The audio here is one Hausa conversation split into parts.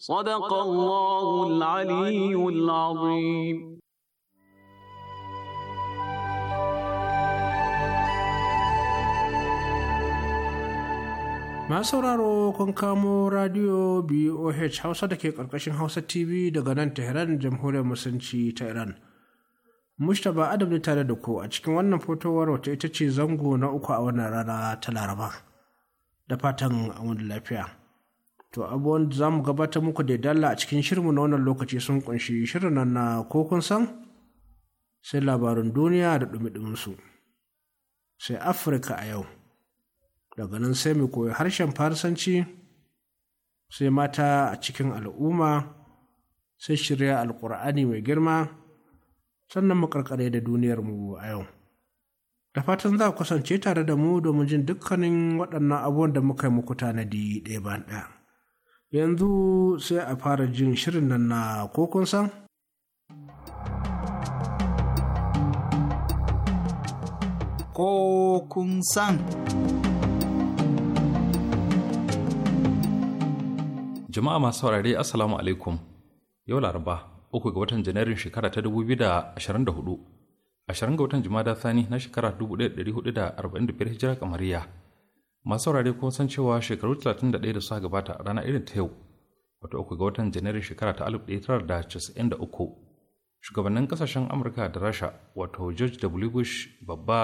صدق الله العلي العظيم masu sauraro kun kamo radio boh hausa da ke ƙarƙashin hausa tv daga nan tehran jamhuriyar musulunci ta iran mustapha adam ne tare da ku a cikin wannan fotowar wata ita ce zango na uku a wannan rana ta laraba da fatan an lafiya To abubuwan da za mu gabatar muku da dalla a cikin shirinmu na wannan lokaci sun kunshi shirin nan na ko san sai labarin duniya da ɗumi Sai Afirka a yau. Daga nan sai mu koyi harshen Farsanci, sai mata a cikin al'umma, sai shirya alƙur'ani mai girma, sannan mu karkare da duniyarmu a yau. Da fatan za ku kasance tare da mu domin jin dukkanin waɗannan abubuwan da muka yi muku tanadi ɗaya ba ɗaya. yanzu sai a fara jin shirin nan na kokon san kokun san jama'a masu saurare assalamu alaikum yau laraba uku ga watan janairun shekara ta 2024 ashirin ga watan jumada sani na shekara 1445 hijira kamariya masu saurare kun san cewa shekaru 31 da suka gabata a ranar irin ta yau wato uku ga watan janairu shekara ta 1993 shugabannin kasashen amurka da rasha wato george w bush babba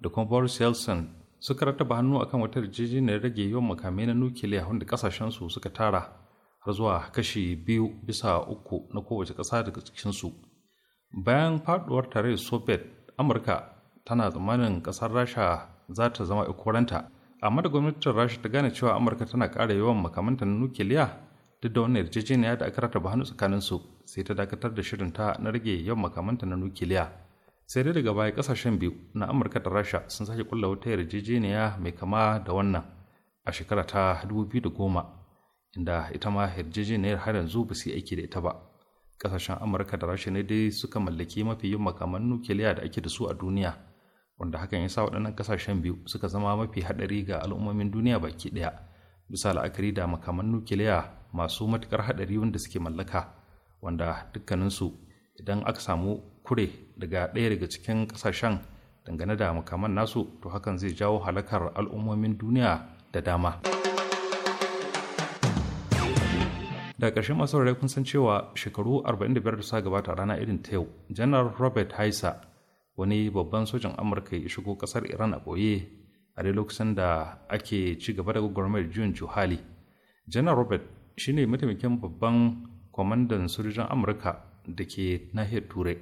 da kuma boris yeltsin suka rattaba hannu akan wata yarjejeniyar rage yawan makamai na nukiliya wanda kasashen su suka tara har zuwa kashi biyu bisa uku na kowace ƙasa daga cikin su bayan faduwar tare soviet amurka tana tsammanin ƙasar rasha za ta zama ikoranta amma da gwamnatin rasha ta gane cewa amurka tana ƙara yawan makamanta na nukiliya duk da wannan yarjejeniya da aka rataba hannu su sai ta dakatar da shirinta na rage yawan makamanta na nukiliya sai dai daga baya kasashen biyu na amurka da rasha sun sake kulla wata yarjejeniya mai kama da wannan a shekara ta da goma, inda ita ma yarjejeniyar har yanzu ba su aiki da ita ba kasashen amurka da rasha ne dai suka mallaki mafi yin makaman nukiliya da ake da su a duniya wanda hakan ya sa waɗannan ƙasashen biyu suka zama mafi haɗari ga al'ummomin duniya baki ɗaya bisa la'akari da makaman nukiliya masu matukar haɗari wanda suke mallaka wanda dukkaninsu idan aka samu kure daga ɗaya daga cikin ƙasashen dangane da makaman nasu to hakan zai jawo halakar al'ummomin duniya da dama. daga ƙarshen masu kun san cewa shekaru 45 da sa gabata rana irin ta yau janar robert haisa wani babban sojan amurka ya shigo kasar iran a ɓoye a dai lokacin da ake ci gaba da gwagwarmayar juyin juhali janar robert shine mataimakin babban kwamandan sojojin amurka da ke nahiyar turai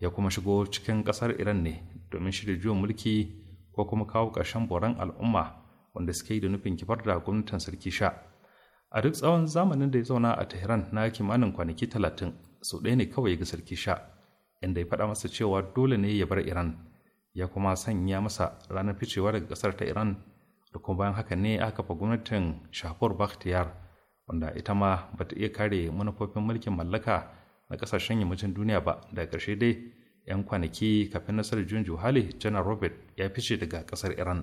ya kuma shigo cikin kasar iran ne domin shirya juyin mulki ko kuma kawo ƙarshen boran al'umma wanda suke yi da nufin kifar da gwamnatin sarki sha a duk tsawon zamanin da ya zauna a tehran na kimanin kwanaki talatin sau ɗaya ne kawai ga sarki sha inda ya faɗa masa cewa dole ne ya bar iran ya kuma sanya masa ranar ficewa daga ƙasar ta iran da kuma bayan haka ne aka kafa gwamnatin shahpur bakhtiyar wanda ita ma ba ta iya kare manufofin mulkin mallaka na ƙasashen yammacin duniya ba da ƙarshe dai 'yan kwanaki kafin nasarar juyin juhali janar robert ya fice daga ƙasar iran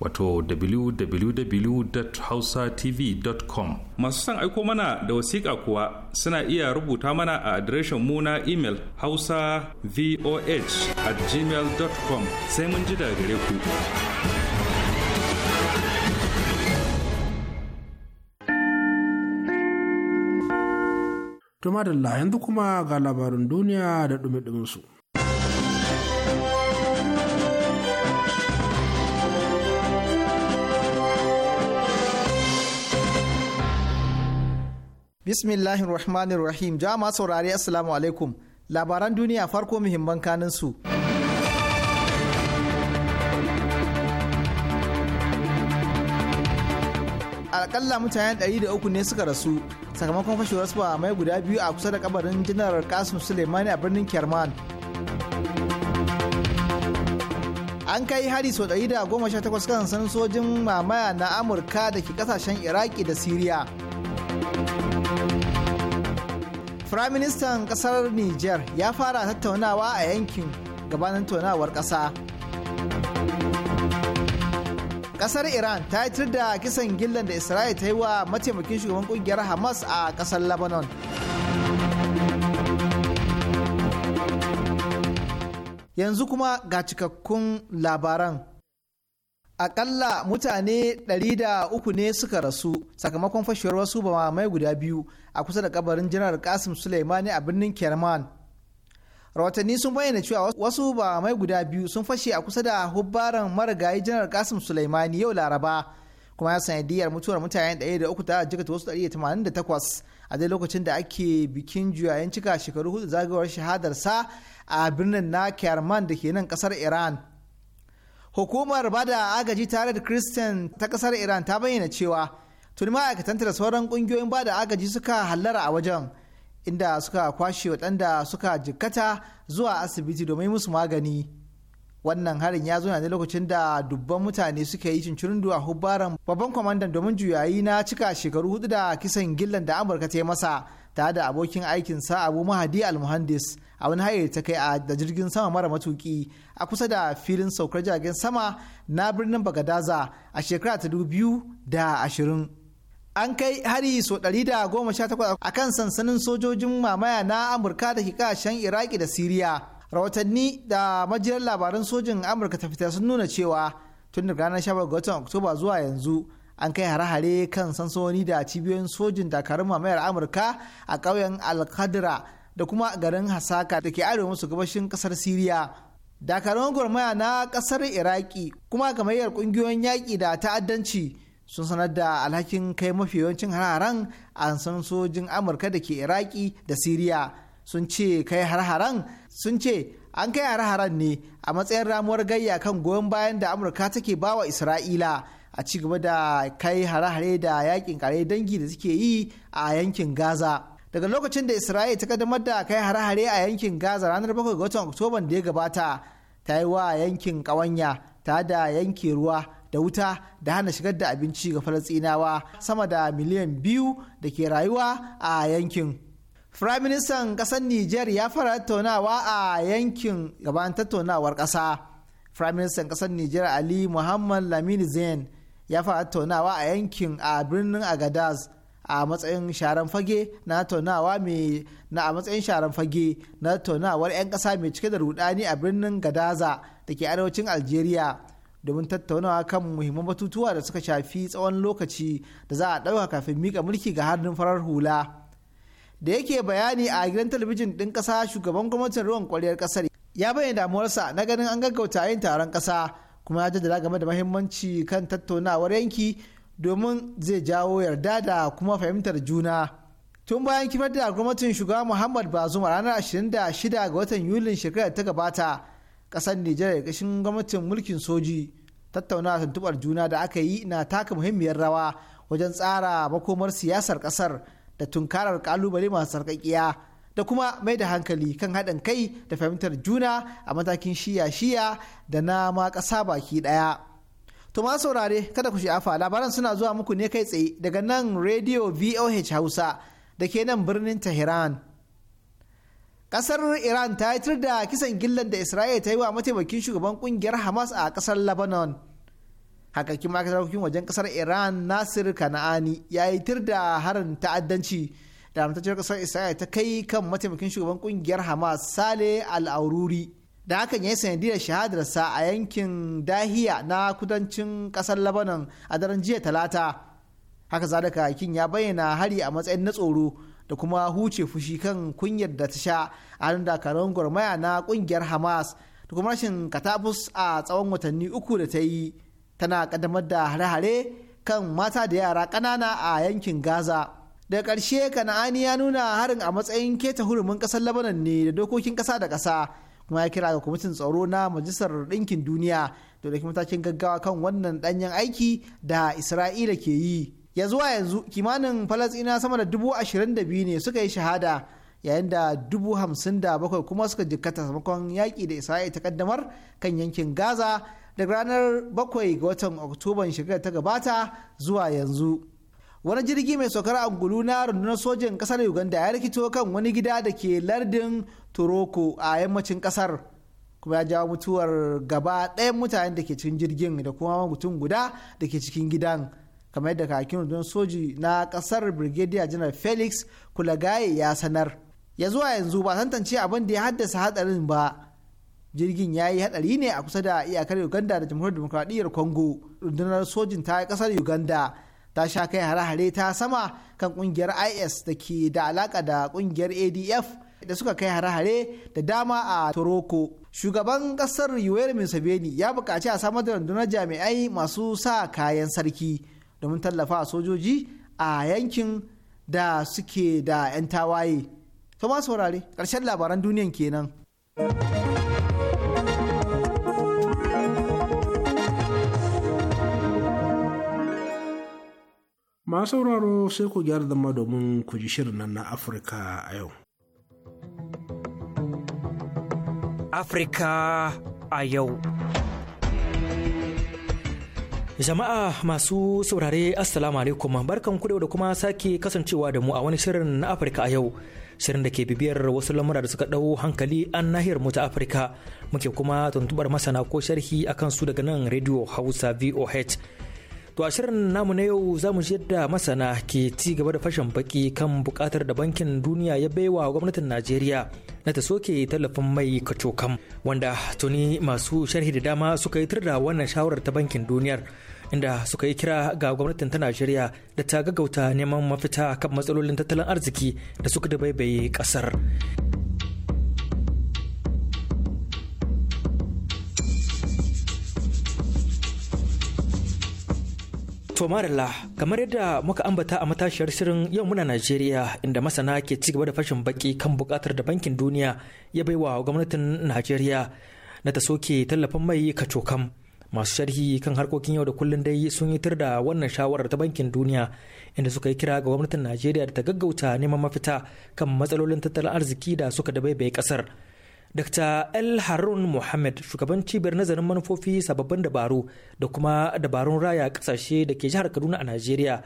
wato www.hausatv.com masu son aiko mana da wasiƙa kuwa suna iya rubuta mana a adireshin mu na imel hausa voh at gmail.com sai mun ji da gare ku Tuma da yanzu kuma ga labarin duniya da ɗumi-ɗuminsu. su. Bismillahir Rahmanir Rahim. Jama'a saurari Assalamu alaikum. Labaran duniya farko muhimman kanin su. Alƙalla mutane da uku ne suka rasu sakamakon fashewar su mai guda biyu a kusa da kabarin janar Kasim Suleimani a birnin Kerman. An kai hari sau takwas kan sanin sojin mamaya na Amurka da ke kasashen Iraki da Siriya. Firaministan ƙasar Nijar ya fara tattaunawa a yankin gabanin tonawar ƙasa. Ƙasar Iran ta yi da kisan gillan da Isra'il ta yi wa mataimakin shugaban ƙungiyar Hamas a ƙasar Lebanon. Yanzu kuma ga cikakkun labaran. akalla mutane 300 ne suka rasu sakamakon fashewar wasu mai guda biyu a kusa da kabarin janar kasim suleimani a birnin kerman rahotanni sun bayyana cewa wasu mai guda biyu sun fashe a kusa da hubbaran marigayi janar kasim suleimani yau laraba kuma ya sanadiyar mutuwar mutane 103 ta jikata wasu 188 a dai lokacin da ake bikin juyayen cika shekaru hudu zagayowar shahadarsa a birnin na kerman da ke nan kasar iran Hukumar bada agaji tare da Christian ta kasar Iran ta bayyana cewa tuni ma'aikatanta da sauran kungiyoyin bada agaji suka hallara a wajen inda suka kwashe waɗanda suka jikkata zuwa asibiti domin musu magani. Wannan harin ya zo ne lokacin da dubban mutane suka yi cincirindu a hubbaran babban kwamandan domin juyayi na cika shekaru hudu da kisan gillan da Amurka ta yi masa. ta da abokin aikin sa abu mahadi almuhandis a wani hayar ta kai a da jirgin sama mara matuki a kusa da filin saukar jiragen sama na birnin bagadaza a shekara ta biyu da ashirin an kai hari so ɗari da goma sha takwas a kan sansanin sojojin mamaya na amurka da ke kashen iraki da siriya rahotanni da majiyar labaran sojin amurka ta fita sun nuna cewa tun daga ranar 17 ga watan oktoba zuwa yanzu an kai hare-hare kan sansoni da cibiyoyin sojin dakarun mamayar amurka a ƙauyen alkadira da kuma garin hasaka da ke arewa masu gabashin ƙasar siriya dakarun gwarmaya na ƙasar iraki kuma gamayyar ƙungiyoyin yaƙi da ta'addanci sun sanar da alhakin kai mafi yawancin hare-haren a sojin amurka da ke iraki da siriya sun ce kai hare sun ce an kai hare-haren ne a matsayin ramuwar gayya kan goyon bayan da amurka take bawa isra'ila a ci gaba da kai hare-hare da yakin kare dangi da suke yi a yankin gaza daga lokacin da isra'ila ta kaddamar da kai hare-hare a yankin gaza ranar 7 ga watan oktoban da ya gabata ta yi wa yankin kawanya ta da yanke ruwa da wuta da hana shigar da abinci ga falasinawa sama da miliyan biyu da ke rayuwa a yankin firaministan ƙasar niger ya fara tattaunawa a yankin gaban tattaunawar ƙasa firaministan ƙasar niger ali muhammad lamini zain ya fara tattaunawa a yankin a birnin agadaz a matsayin sharan fage na tattaunawa mai na a matsayin sharan fage na tattaunawar 'yan kasa mai cike da rudani a birnin gadaza da ke arewacin algeria domin tattaunawa kan muhimman batutuwa da suka shafi tsawon lokaci da za a ɗauka kafin mika mulki ga hannun farar hula da yake bayani a gidan talabijin ɗin ƙasa shugaban gwamnatin ruwan ƙwariyar ƙasar ya bayyana damuwarsa na ganin an gaggauta yin taron ƙasa kuma ya jaddada game da mahimmanci kan tattaunawar yanki domin zai jawo yarda da kuma fahimtar juna tun bayan kifar da gwamnatin shugaba muhammad bazum a ranar 26 ga watan yulin shekarar ta gabata kasar nijar da kashin gwamnatin mulkin soji tattaunawa tuntubar juna da aka yi na taka muhimmiyar rawa wajen tsara makomar siyasar kasar da tunkarar kalubale masu sarkakiya da kuma mai da hankali kan haɗin kai da fahimtar juna a matakin shiya-shiya da na ma ƙasa baki ɗaya. To ma saurare kada ku sha'afa labaran suna zuwa muku ne kai tsaye daga nan Radio VOH Hausa da ke nan birnin Tehran. kasar Iran ta yi da kisan gillan da Isra'il ta yi wa mataimakin shugaban kungiyar Hamas a kasar Lebanon. Hakakin ma'aikatar wajen ƙasar Iran Nasir Kana'ani ya yi tir da harin ta'addanci. da amintaccen kasar isra'ila ta kai kan mataimakin shugaban kungiyar hamas sale al'aruri da hakan ya yi sanadiyar shahadarsa a yankin dahiya na kudancin kasar labanan a daren jiya talata haka zalika kakin ya bayyana hari a matsayin na tsoro da kuma huce fushi kan kunyar da ta sha a hannun dakarun gwarmaya na kungiyar hamas da kuma rashin katabus a tsawon watanni uku da ta yi tana kaddamar da hare-hare kan mata da yara ƙanana a yankin gaza da ƙarshe kana'ani ya nuna harin a matsayin keta hurumin ƙasar labanan ne da dokokin kasa da kasa kuma ya kira ga kwamitin tsaro na majalisar ɗinkin duniya da ɗauki matakin gaggawa kan wannan ɗanyen aiki da isra'ila ke yi ya zuwa yanzu kimanin falastina sama da dubu ashirin da biyu ne suka yi shahada yayin da dubu hamsin da bakwai kuma suka jikkata sakamakon yaƙi da isra'il ta kaddamar kan yankin gaza daga ranar bakwai ga watan oktoban shekarar ta gabata zuwa yanzu. wani jirgi mai saukar angulu na rundunar sojin kasar uganda ya rikito kan wani gida da ke lardin toroko a yammacin kasar kuma ya jawo mutuwar gaba ɗayan mutanen da ke cikin jirgin da kuma mutum guda da ke cikin gidan kamar yadda kakin rundunar soji na kasar brigadier general felix kulagaye ya sanar ya zuwa yanzu ba tantance abin da ya haddasa hadarin ba jirgin ya yi hadari ne a kusa da iyakar uganda da jamhuriyar demokradiyyar congo rundunar sojin ta kasar uganda ta sha kai hare-hare ta sama kan kungiyar is da ke da alaka da kungiyar adf da suka kai hare-hare da dama a toroko shugaban kasar yoweri museveni ya buƙaci a samar da rundunar jami'ai masu sa kayan sarki domin tallafa sojoji a yankin da suke da 'yan tawaye. Thomas saurare ƙarshen labaran duniyan kenan. masu sauraro sai ku gyara zama domin ku ji shirin nan na afirka a yau afirka a yau jama'a masu saurare assalamu alaikum barkan ku da kuma sake kasancewa da mu a wani shirin na afirka a yau shirin da ke bibiyar wasu lamura da suka ɗau hankali an nahiyar mu ta afirka muke kuma tuntubar masana ko sharhi akan su daga nan radio hausa voh To a shirin namu na yau za mu yadda masana ke ci gaba da fashin baki kan bukatar da bankin duniya ya baiwa gwamnatin Najeriya na ta soke tallafin mai kacokam wanda tuni masu sharhi da dama suka yi da wannan shawarar ta bankin duniyar inda suka yi kira ga gwamnatin ta Najeriya da ta gaggauta neman mafita kan matsalolin tattalin arziki da suka dabaibaye kasar. To kamar yadda muka ambata a matashiyar shirin yau muna Najeriya inda masana ke cigaba da fashin baki kan bukatar da bankin duniya ya baiwa gwamnatin Najeriya na ta soke tallafin mai kacokam. Masu sharhi kan harkokin yau da kullun dai sun yi tir da wannan shawarar ta bankin duniya inda suka yi kira ga gwamnatin Najeriya da ta gaggauta neman mafita kan matsalolin tattalin arziki da suka dabaibaye kasar. Dr. El Harun mohammed shugaban cibiyar nazarin manufofi sababbin dabaru da kuma dabarun raya kasashe da ke jihar Kaduna a Najeriya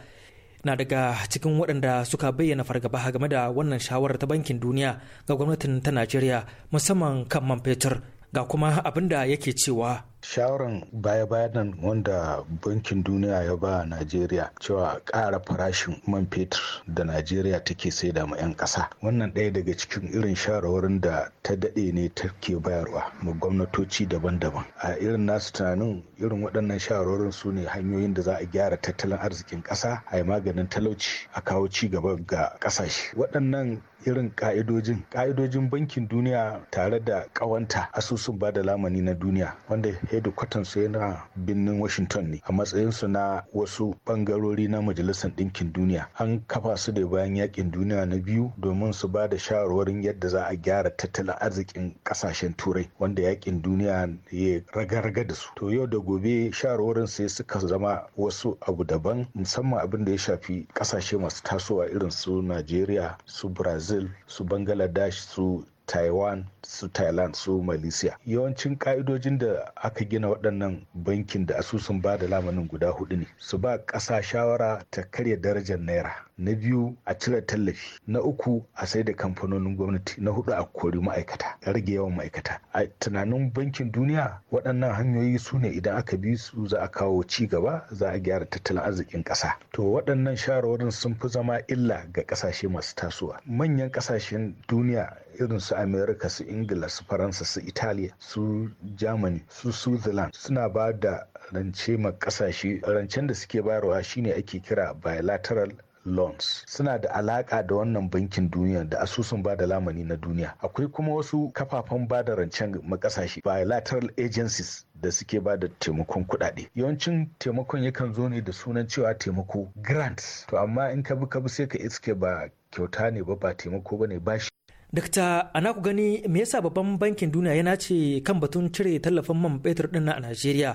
na daga cikin waɗanda suka bayyana fargaba game da wannan shawarar ta bankin duniya ga gwamnatin ta Najeriya musamman kan man fetur ga kuma abin da yake cewa shawaran baya-bayan nan wanda bankin duniya ya ba najeriya cewa ƙara farashin man fetur da najeriya take saida ma 'yan ƙasa wannan ɗaya daga cikin irin shawarwarin da ta daɗe ne take bayarwa ma gwamnatoci daban-daban a irin nasu tunanin irin waɗannan shawarwarin su ne hanyoyin da za a gyara tattalin arzikin ƙasa a yi maganin talauci a kawo ci gaba ga ƙasashe waɗannan irin ka'idojin ka'idojin bankin duniya tare da kawanta asusun ba da lamani na duniya wanda hedikwatan su yana birnin washington ne a matsayinsu na wasu bangarori na majalisar ɗinkin duniya an kafa su da bayan yakin duniya na biyu domin su ba da shawarwarin yadda za a gyara tattalin arzikin kasashen turai wanda yakin duniya ya raga-raga da su to yau da gobe shawarwarin sai suka zama wasu abu daban musamman abin da ya shafi kasashe masu tasowa irin su najeriya su brazil brazil su bangladesh su taiwan su thailand su malaysia yawancin ka'idojin da aka gina waɗannan bankin da asusun ba da lamanin guda hudu ne su ba ƙasa shawara ta karya darajar naira na biyu a cire tallafi na uku a sai da kamfanonin gwamnati na hudu a kori ma'aikata a rage yawan ma'aikata a tunanin bankin duniya waɗannan hanyoyi su ne idan aka bi su za a kawo ci gaba za a gyara tattalin arzikin ƙasa to waɗannan shawarwarin sun fi zama illa ga ƙasashe masu tasowa manyan ƙasashen duniya irin su america su ingila su faransa su italiya su germany su switzerland suna ba da rance ma kasashe rancen da suke bayarwa shine ake kira bilateral loans suna da alaka da wannan bankin duniya da asusun bada lamani na duniya akwai kuma wasu kafafen bada rancen makasashe bilateral agencies da suke ba da taimakon kuɗaɗe yawancin taimakon yakan zo ne da sunan cewa taimako grants to amma in ka bi ka bi sai ka iske ba kyauta ne ba ba taimako ba ne shi Dakta ana ku gani me yasa babban bankin duniya yana ce kan batun cire tallafin man fetur din a Najeriya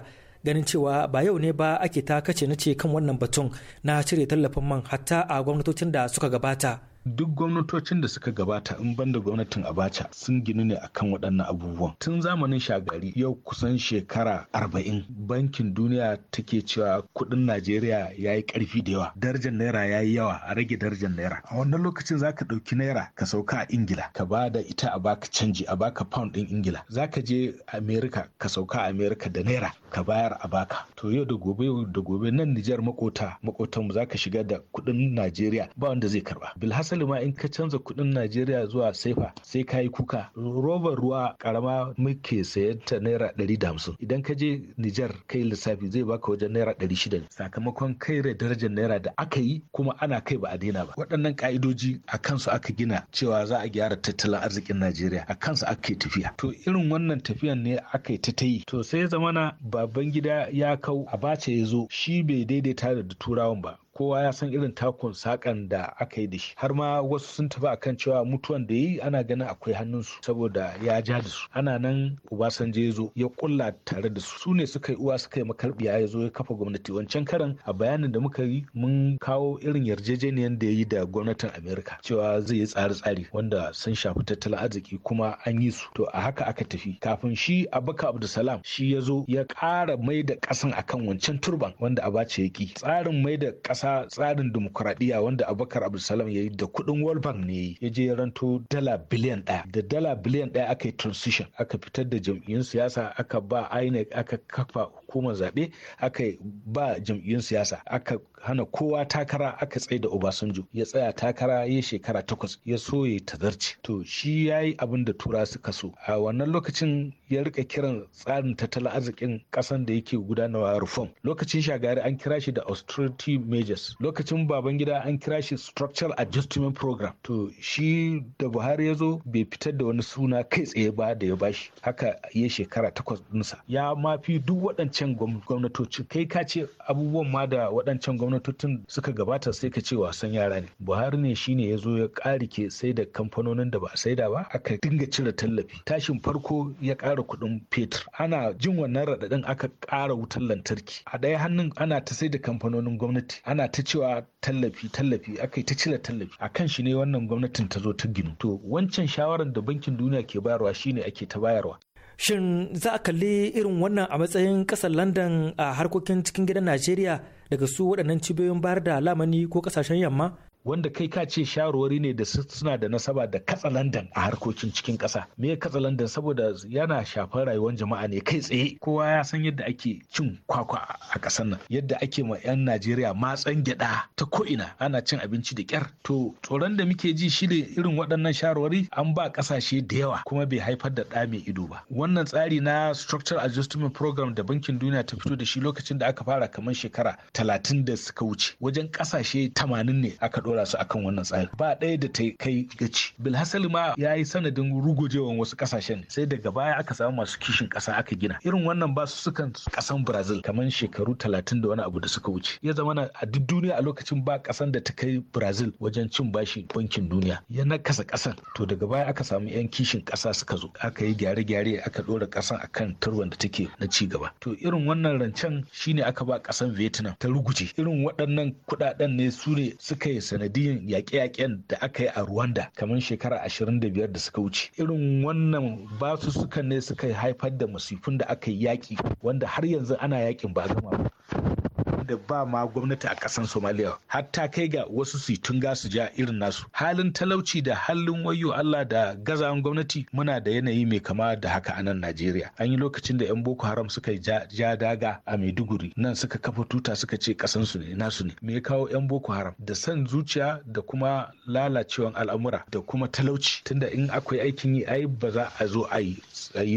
ganin cewa ba yau ne ba ake ta kace ce kan wannan batun na cire tallafin man hatta a gwamnatocin da suka gabata. duk gwamnatocin da suka gabata in banda gwamnatin abacha sun gini ne akan waɗannan abubuwan tun zamanin shagari yau kusan shekara arba'in bankin duniya take cewa kuɗin najeriya ya yi ƙarfi da yawa darajar naira ya yi yawa a rage darajar naira a wannan lokacin za ka ɗauki naira ka sauka a ingila ka ba da ita a baka canji a baka pound ɗin ingila za ka je america ka sauka a america da naira ka bayar a baka to yau da gobe da gobe nan nijar makota makotanmu za ka shiga da kuɗin najeriya ba wanda zai karba bilhassan asali ma in ka canza kuɗin Najeriya zuwa saifa sai ka yi kuka. Robar ruwa karama muke sayanta ta naira ɗari da hamsin. Idan ka je Nijar kai lissafi zai baka wajen naira ɗari shida ne. Sakamakon kai da darajar naira da aka yi kuma ana kai ba a daina ba. Waɗannan ka'idoji a kansu aka gina cewa za a gyara tattalin arzikin Najeriya a kansu aka yi tafiya. To irin wannan tafiyan ne aka yi ta ta yi. To sai zamana baban gida ya kau a bace ya zo shi bai daidaita da turawan ba kowa ya san irin takun sakan da aka yi da shi har ma wasu sun tafi akan cewa mutuwan da yi ana ganin akwai hannunsu saboda ya ja da su ana nan obasanjo ya zo ya kulla tare da su su ne suka yi uwa suka yi makarbiya ya zo ya kafa gwamnati wancan karan a bayanin da muka yi mun kawo irin yarjejeniyar da ya yi da gwamnatin amerika cewa zai yi tsare-tsare wanda sun shafi tattalin arziki kuma an yi su to a haka aka tafi kafin shi abubakar abdulsalam shi ya zo ya ƙara mai da ƙasan akan wancan turban wanda abace ya ki tsarin mai da ƙasa tsarin dimokuraɗiyya wanda abubakar abdulsalam ya yi da kuɗin world bank ne ya je ranto dala biliyan ɗaya da dala biliyan ɗaya aka yi transition aka fitar da jam'iyyun siyasa aka ba inec aka kafa hukumar zaɓe aka ba jam'iyyun siyasa aka hana kowa takara aka tsaye da obasanjo ya tsaya takara ya shekara takwas ya so ya tazarci to shi ya yi abin da tura suka so a wannan lokacin ya rika kiran tsarin tattalin arzikin ƙasan da yake gudanarwa reform lokacin shagari an kira shi da austerity measures lokacin baban gida an kira shi structural adjustment program to shi da buhari ya zo bai fitar da wani suna kai tsaye ba da ya bashi haka ya shekara takwas ɗinsa ya mafi duk waɗancan waɗancan gwamnatoci kai ka ce abubuwan ma da waɗancan gwamnatocin suka gabata sai ka ce wasan yara ne buhari ne shine ya zo ya ƙarike sai da kamfanonin da ba a saida ba aka dinga cire tallafi tashin farko ya ƙara kuɗin fetur ana jin wannan raɗaɗin aka ƙara wutar lantarki a ɗaya hannun ana ta sai da kamfanonin gwamnati ana ta cewa tallafi tallafi aka yi ta cire tallafi a kan shi ne wannan gwamnatin ta zo ta ginu to wancan shawarar da bankin duniya ke bayarwa shine ake ta bayarwa shin za a kalli irin wannan a matsayin kasar landan a harkokin cikin gidan najeriya daga su waɗannan cibiyoyin bayar da lamani ko kasashen yamma wanda kai ka ce shawarwari ne da suna da nasaba da Landan a harkokin cikin ƙasa me ya Landan? saboda yana shafar rayuwar jama'a ne kai tsaye kowa ya san yadda ake cin kwakwa a ƙasar nan yadda ake ma 'yan najeriya matsan gyaɗa ta ko'ina ana cin abinci da ƙyar to tsoron da muke ji shi ne irin waɗannan shawarwari an ba ƙasashe da yawa kuma bai haifar da ɗa mai ido ba wannan tsari na structural adjustment program da bankin duniya ta fito da shi lokacin da aka fara kamar shekara talatin da suka wuce wajen ƙasashe tamanin ne aka ɗora su akan wannan tsari ba ɗaya da ta kai gaci bilhassali ma ya yi sanadin rugujewan wasu ƙasashen sai daga baya aka samu masu kishin ƙasa aka gina irin wannan ba su sukan ƙasan brazil kamar shekaru talatin da wani abu da suka wuce ya zama a duk duniya a lokacin ba ƙasan da ta kai brazil wajen cin bashi bankin duniya ya nakasa ƙasan to daga baya aka samu 'yan kishin ƙasa suka zo aka yi gyare-gyare aka ɗora ƙasan akan turban da take na ci gaba to irin wannan rancen shine aka ba ƙasan vietnam ta ruguje irin waɗannan kuɗaɗen ne su ne suka yi sanadiyan yaƙe-yaƙen da aka yi a Rwanda kamar shekara 25 da suka wuce. Irin wannan ba su suka ne suka haifar da masifun da aka yi yaƙi wanda har yanzu ana yaƙin ba gama ba. da ba ma gwamnati a ƙasan somaliya hatta kai ga wasu su tun su ja irin nasu halin talauci da halin wayo allah da gazan gwamnati muna da yanayi mai kama da haka a nan najeriya an yi lokacin da 'yan boko haram suka ja daga a maiduguri nan suka kafa tuta suka ce ƙasan su ne nasu ne me ya kawo 'yan boko haram da san zuciya da kuma lalacewan al'amura da kuma talauci tunda in akwai aikin yi ai ba za a zo a yi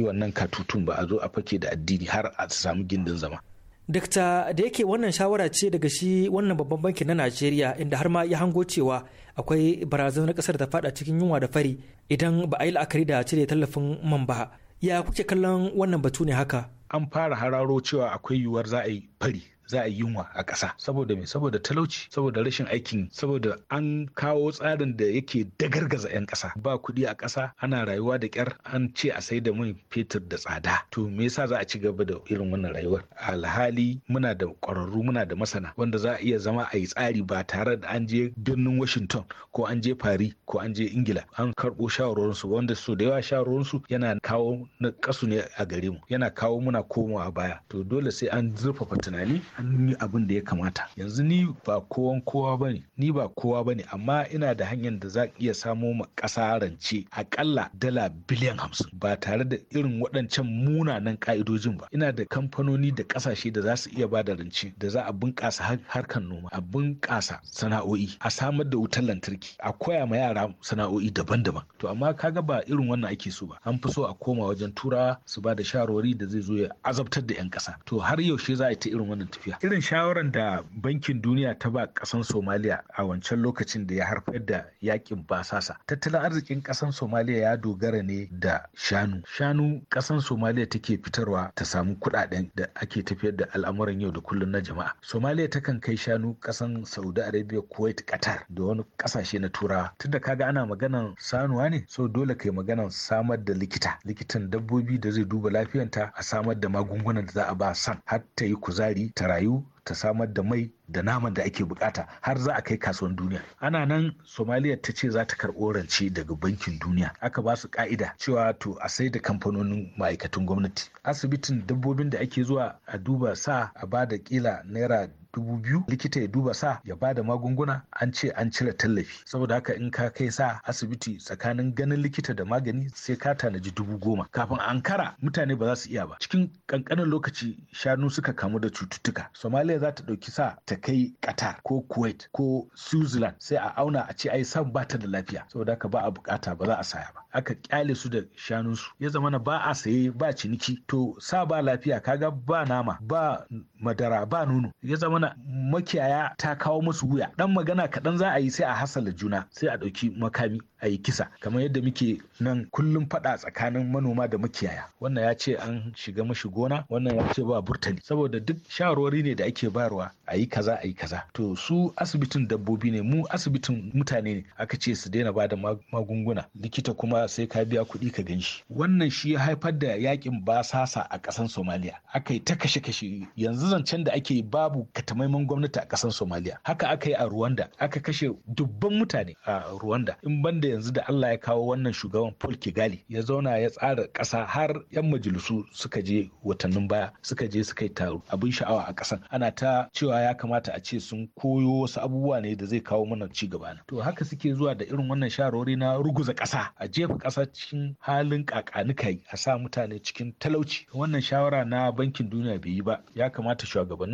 wannan katutun ba a zo a fake da addini har a samu gindin zama Dakta da yake wannan shawara ce daga shi wannan babban banki na Najeriya inda har ma ya hango cewa akwai barazanar kasar ta fada cikin yunwa da fari idan ba a yi la'akari da cire tallafin man ba. Ya kuke kallon wannan batu ne haka? An fara hararo cewa akwai yiwuwar za a yi fari za a yi yunwa a ƙasa saboda me saboda talauci saboda rashin aikin saboda an kawo tsarin da yake dagargaza 'yan ƙasa ba kuɗi a ƙasa ana rayuwa da ƙyar an ce a sai da man fetur da tsada to me yasa za a ci gaba da irin wannan rayuwar alhali muna da ƙwararru muna da masana wanda za a iya zama a yi tsari ba tare da an je birnin washington ko an je paris ko an je ingila an karɓo shawarwarinsu wanda su da yawa shawarwarinsu yana kawo na ƙasu ne a gare mu yana kawo muna komawa baya to dole sai an zurfafa tunani an yi abin da ya kamata yanzu ni ba kowan kowa ba ne ni ba kowa ba ne amma ina da hanyar da za iya samo ma ƙasa rance aƙalla dala biliyan hamsin ba tare da irin waɗancan munanan ƙa'idojin ba ina da kamfanoni da ƙasashe da za su iya ba da rance da za a bunƙasa harkar noma a bunƙasa sana'o'i a samar da wutar lantarki a koya ma yara sana'o'i daban-daban to amma kaga ba irin wannan ake so ba an fi so a koma wajen turawa su ba da shawarwari da zai zo ya azabtar da 'yan ƙasa to har yaushe za a ta irin wannan tafiya lafiya irin shawaran da bankin duniya ta ba ƙasan somaliya a wancan lokacin da ya harfar da yakin basasa tattalin arzikin kasan somaliya ya dogara ne da shanu shanu ƙasan somaliya take fitarwa ta samu kuɗaɗen da ake tafiyar da al'amuran yau da kullum na jama'a somaliya takan kai shanu kasan saudi arabia kuwait qatar da wani ƙasashe na turawa tunda kaga ana maganan sanuwa ne so dole kai maganan samar da likita likitan dabbobi da zai duba lafiyanta a samar da magungunan da za a ba san har ta yi kuzari ta rayu ta samar da mai da naman da ake bukata har za a kai kasuwan duniya ana nan somaliya ta ce za ta karɓo rance daga bankin duniya aka ba su ka'ida cewa to a sai da kamfanonin ma'aikatan gwamnati asibitin dabbobin da ake zuwa a duba sa a ba da kila naira dubu biyu likita ya duba sa ya ba da magunguna an ce an cire tallafi saboda haka in ka kai sa asibiti tsakanin ganin likita da magani sai ka tanaji dubu goma kafin ankara mutane ba za su iya ba cikin kankanin lokaci shanu suka kamu da cututtuka somaliya za ta ɗauki sa ta ta kai qatar ko kuwait ko switzerland sai a auna a ce ai san ba ta da lafiya saboda ka ba a bukata ba za a saya ba aka kyale su da shanunsu ya na ba a saye ba ciniki to sa ba lafiya kaga ba nama ba madara ba nono ya na makiyaya ta kawo musu wuya dan magana kaɗan za a yi sai a hasala juna sai a ɗauki makami a yi kisa kamar yadda muke nan kullum faɗa tsakanin manoma da makiyaya wannan ya ce an shiga mashi gona wannan ya ce ba burtani saboda duk shawarwari ne da ake bayarwa a yi kaza a yi kaza to su asibitin dabbobi ne mu asibitin mutane ne aka ce su daina bada magunguna likita kuma sai ka biya kuɗi ka gan shi wannan shi ya haifar da yakin basasa a ƙasar somaliya aka yi ta kashe-kashe yanzu zancen da ake babu katamaiman gwamnati a ƙasar somaliya haka aka yi a ruwanda aka kashe dubban mutane a ruwanda in banda da yanzu da Allah ya kawo wannan shugaban Paul Kigali ya zauna ya tsara ƙasa har 'yan majalisu suka je watannin baya suka je suka yi taro abin sha'awa a ƙasan ana ta cewa ya kamata a ce sun koyo wasu abubuwa ne da zai kawo mana ci gaba na. to haka suke zuwa da irin wannan sharori na ruguza ƙasa a jefa ƙasa cikin halin kakanuka a sa mutane cikin talauci wannan shawara na bankin duniya bai yi ba ya kamata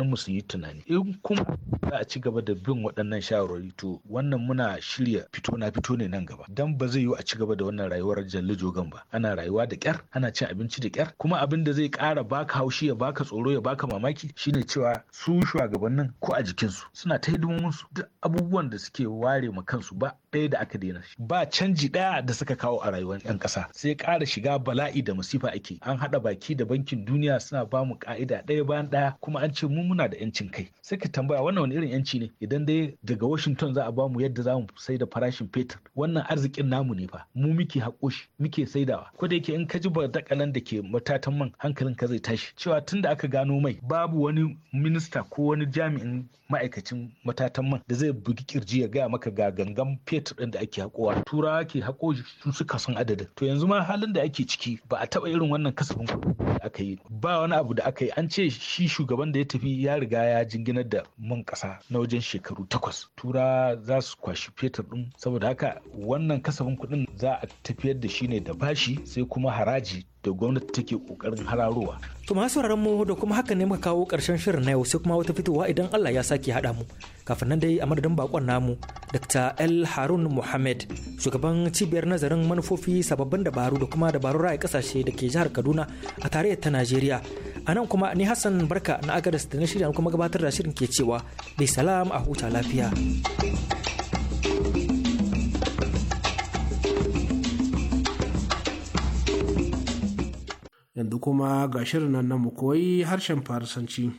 mu su yi tunani in kuma za a ci gaba da bin waɗannan shawarori to wannan muna shirya fito na fito ne nan gaba ba dan ba zai yiwu a ci gaba da wannan rayuwar jalli jogan ba ana rayuwa da kyar ana cin abinci da kyar kuma abin da zai kara baka haushi ya baka tsoro ya baka mamaki shine cewa su shugabannin ko a jikinsu suna ta hidimomin duk abubuwan da suke ware ma kansu ba ɗaya da aka daina shi ba canji ɗaya da suka kawo a rayuwar 'yan ƙasa sai ƙara shiga bala'i da masifa ake an haɗa baki da bankin duniya suna ba mu ƙa'ida ɗaya bayan ɗaya kuma an ce mu muna da 'yancin kai sai ka tambaya wannan wani irin 'yanci ne idan dai daga washington za a ba mu yadda za mu sai da farashin fetur wannan arzikin namu ne fa mu muke haƙo shi muke saidawa ko da yake in ka ji badakalan da ke matatan man hankalin ka zai tashi cewa tun da aka gano mai babu wani minista ko wani jami'in ma'aikacin matatan man da zai bugi kirji ya gaya maka ga gangan fetur ɗin da ake haƙowa turawa ke haƙo su suka san adadin to yanzu ma halin da ake ciki ba a taɓa irin wannan kasafin kuɗi da aka yi ba wani abu da aka yi an ce shi shugaban da ya tafi ya riga ya jinginar da man ƙasa na wajen shekaru takwas tura za su kwashi fetur ɗin saboda haka wani wannan kasafin kudin za a tafiyar da shi ne da bashi sai kuma haraji da gwamnati take kokarin hararowa. To masu mu da kuma haka ne muka kawo karshen shirin na yau sai kuma wata fitowa idan Allah ya sake haɗa mu. Kafin nan dai a madadin bakon namu Dr. El Harun mohammed shugaban cibiyar nazarin manufofi sababbin dabaru da kuma dabarun ra'ayi kasashe da ke jihar Kaduna a tarayyar ta Najeriya. A nan kuma ni Hassan Barka na Agadas da na shirya kuma gabatar da shirin ke cewa bai salam a huta lafiya. yanzu kuma ga shirin nan na koyi harshen farisanci.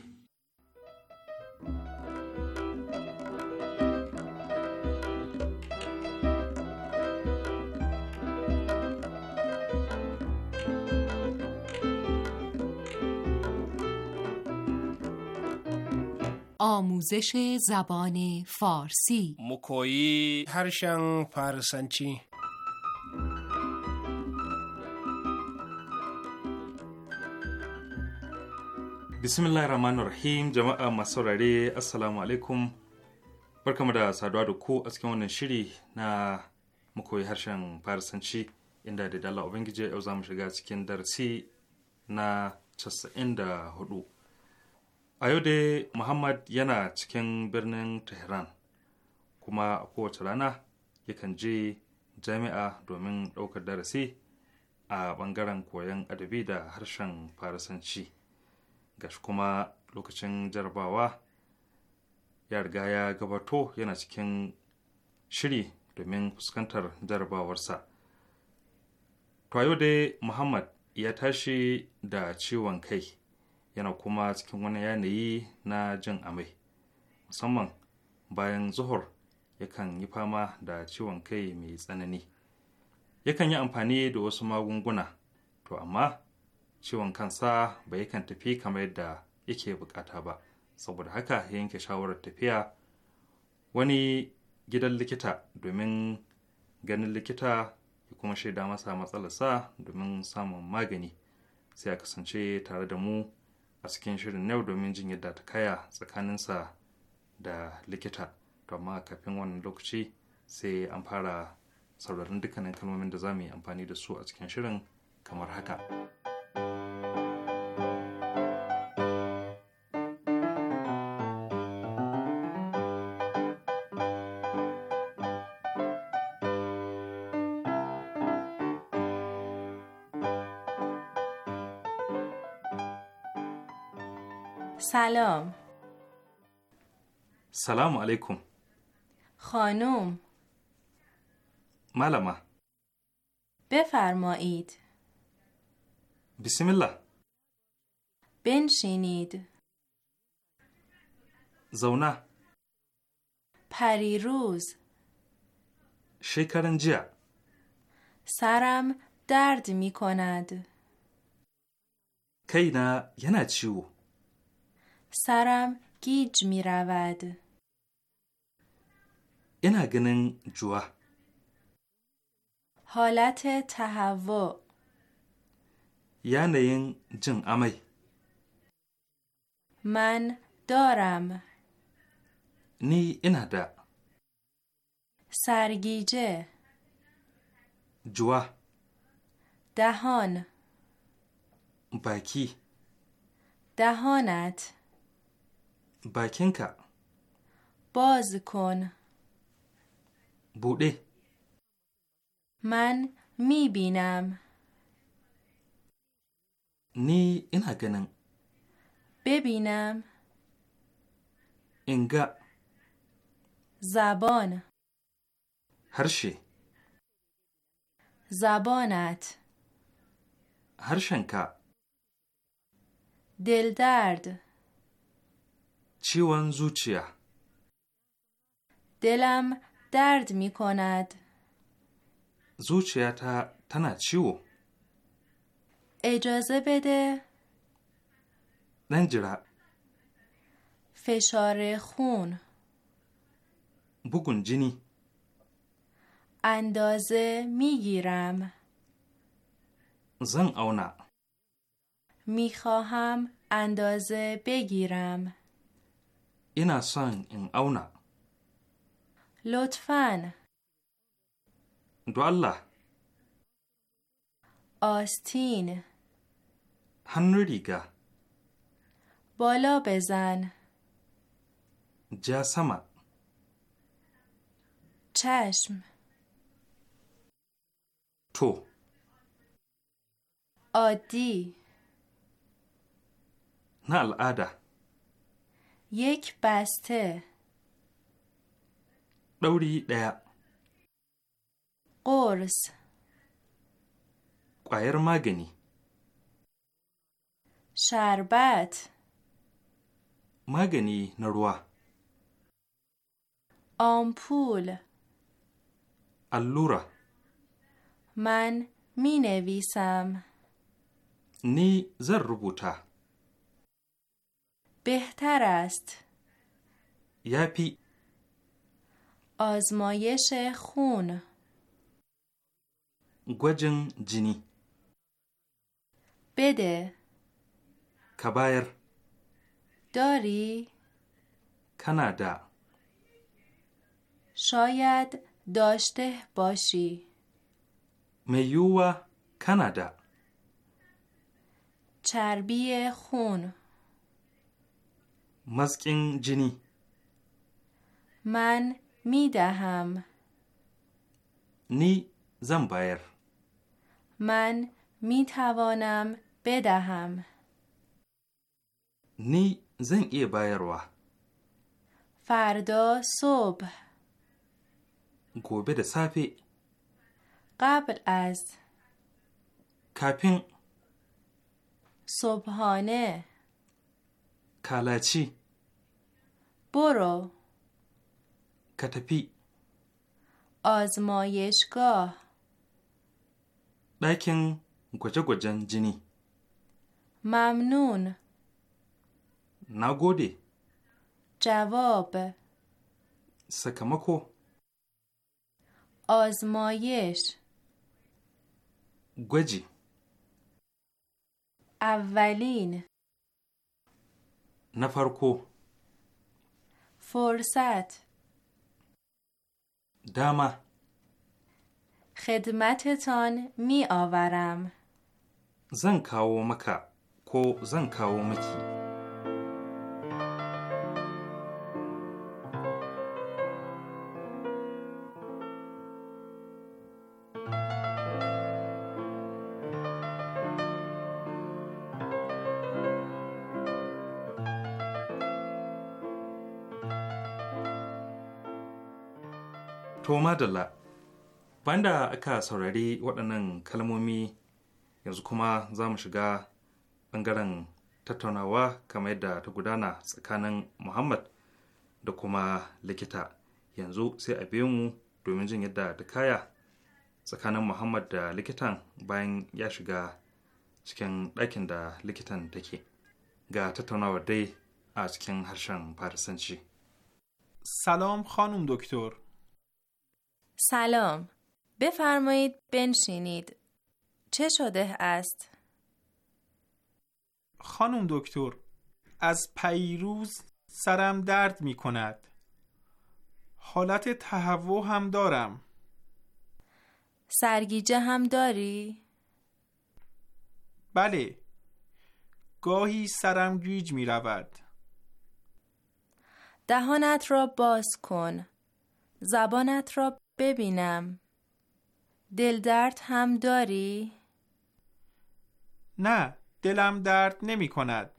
آموزش زبان فارسی مکویی هرشن فارسنچی Bismillahir Rahmanir Rahim jama'a masu saurare Assalamu alaikum barkamu da saduwa da ku a cikin wannan shiri na yi harshen Farisanci inda da dala Ubangiji yau za mu shiga cikin darasi na 94. A yau dai Muhammad yana cikin birnin Tehran kuma a kowace rana yakan je jami'a domin ɗaukar darasi a ɓangaren koyon adabi da harshen Farisanci. gashi kuma lokacin jarabawa ya riga ya gabato yana cikin shiri domin fuskantar jarabawarsa to yau dai muhammad ya tashi da ciwon kai yana kuma cikin wani yanayi na jin amai musamman bayan zuhur yakan yi fama da ciwon kai mai tsanani yakan yi amfani da wasu magunguna to amma ciwon kansa ba yakan tafi kamar yadda yake bukata ba saboda haka ya yanke shawarar tafiya wani gidan likita domin ganin likita ya kuma shaida masa matsalarsa domin samun magani sai a kasance tare da mu a cikin shirin yau domin jin yadda ta kaya tsakaninsa da likita to amma kafin wannan lokaci sai an fara sauraron dukkanin kalmomin da za mu yi amfani da su a cikin shirin kamar haka. سلام سلام علیکم خانم ملما بفرمایید بسم الله بنشینید زونه پریروز شکرنجیا سرم درد می کند کینا یه چیو سرم گیج می رود اینا گنن جوا حالت تهوع یعنی جن امی من دارم نی اینه دا سرگیجه جوه دهان باکی دهانت باکینکا باز کن بوده من میبینم ni ina ganin Baby na inga zabon harshe zabonat harshenka dildard ciwon zuciya dilam dard mikonad zuciyata tana ciwo اجازه بده ننجره فشار خون بگون جنی اندازه میگیرم زن می میخواهم اندازه بگیرم اینا سان این او لطفا دو الله آستین hannun riga بالا بزن جا چشم تو عادی نه العاده یک بسته دوری دیا قرص قایر مگنی شربت مگنی نروا آمپول اللوره من می نویسم نی زر روبوتا بهتر است یپی آزمایش خون گوجن جنی بده کبایر داری؟ کانادا شاید داشته باشی میوه کانادا چربی خون مسکین جنی من می دهم نی زنبایر من می توانم بدهم ni zan iya bayarwa. Fardo sob. Gobe da safe. Qabl az. Kafin. Subhane. Kalaci. Boro. Ka tafi. Azmayishgah. Ɗakin gwaje-gwajen jini. Mamnun. نگودی جواب سکمکو آزمایش گوجی اولین نفرکو فرصت داما خدمتتان می آورم زن کاو مکا کو زن کاو مکی madalla banda aka saurari waɗannan kalmomi yanzu kuma za mu shiga ɓangaren tattaunawa kamar yadda ta gudana tsakanin muhammad da kuma likita yanzu sai a biyo mu domin jin yadda ta kaya tsakanin muhammad da likitan bayan ya shiga cikin ɗakin da likitan take ga tattaunawa dai a cikin harshen farisanci salam khanum doktor سلام بفرمایید بنشینید چه شده است؟ خانم دکتر از پیروز سرم درد می کند حالت تهوع هم دارم سرگیجه هم داری؟ بله گاهی سرم گیج می رود دهانت را باز کن زبانت را ببینم دل درد هم داری؟ نه دلم درد نمی کند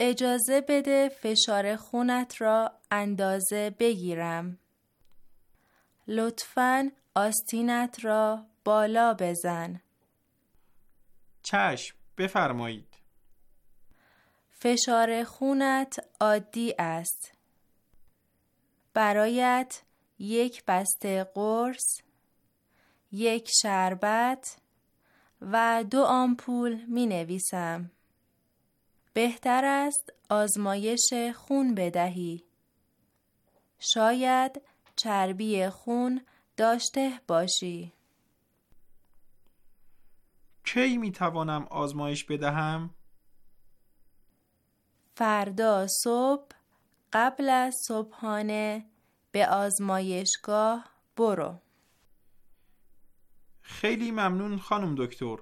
اجازه بده فشار خونت را اندازه بگیرم لطفا آستینت را بالا بزن چشم بفرمایید فشار خونت عادی است برایت یک بسته قرص یک شربت و دو آمپول می نویسم. بهتر است آزمایش خون بدهی. شاید چربی خون داشته باشی. کی می توانم آزمایش بدهم؟ فردا صبح قبل از صبحانه به آزمایشگاه برو خیلی ممنون خانم دکتر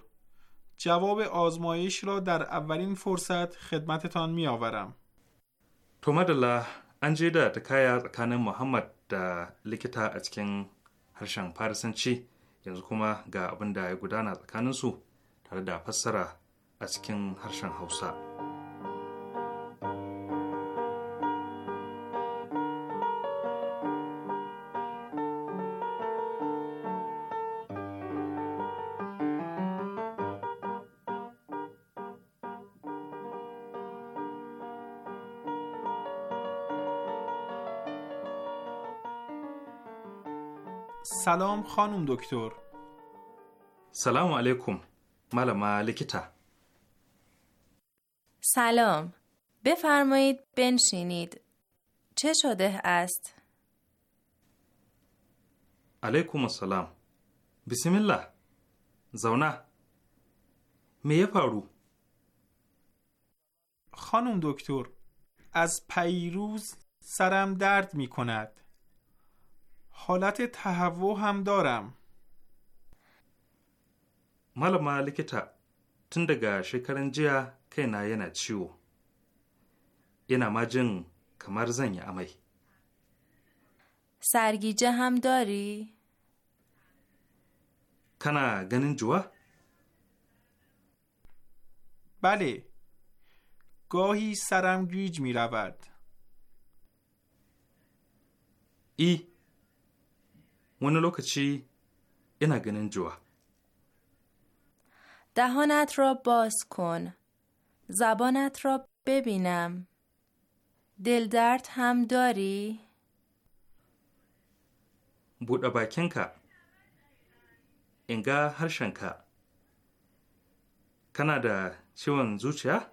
جواب آزمایش را در اولین فرصت خدمتتان می آورم تومد الله انجیده تکای از محمد دا لکتا از کن هرشان پارسن چی یعنی کما گا ابن دا از سو تر دا پسره از کن هرشان حوصه سلام خانم دکتر سلام علیکم ملما مالکتا سلام بفرمایید بنشینید چه شده است؟ علیکم السلام بسم الله زونه میه پارو خانم دکتر از پیروز سرم درد می کند حالت تهوع هم دارم malama likita tun daga shekaran jiya kaina yana ciwo ina ma jin kamar zan yi amai sargije ham dari kana ganin juwa bale گاهی سرم گیج می رود I. wani lokaci ina ganin juwa. دهانت را باز کن. زبانت را ببینم. دل درد هم داری؟ بودا هرشن انگا هرشنکا کانادا چیون زوچیا؟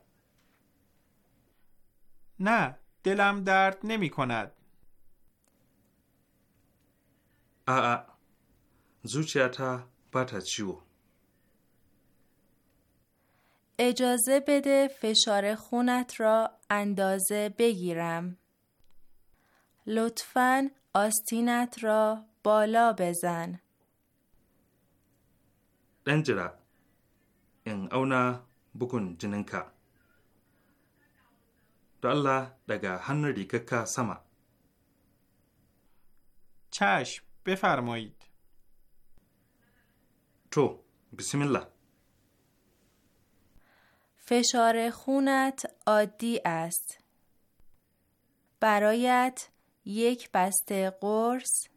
نه دلم درد نمی کند. a'a zuciyata ba ta اجازه بده فشار خونت را اندازه بگیرم. لطفاً آستینت را بالا بزن. دنجرا این اونا بکن جنن که. دو الله دگه سما. چشم بفرمایید تو بسم الله فشار خونت عادی است برایت یک بسته قرص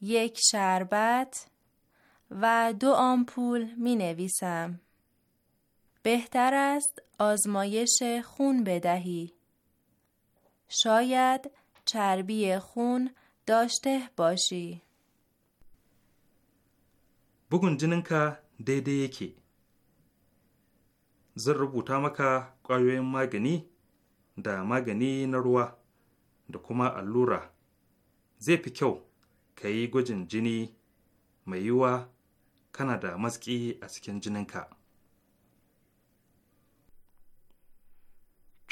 یک شربت و دو آمپول می نویسم بهتر است آزمایش خون بدهی شاید چربی خون داشته باشی bugun jininka daidai yake zan rubuta maka ƙwayoyin magani da magani na ruwa da kuma allura zai fi kyau ka yi gwajin jini mai yiwuwa kana da masƙi a cikin jininka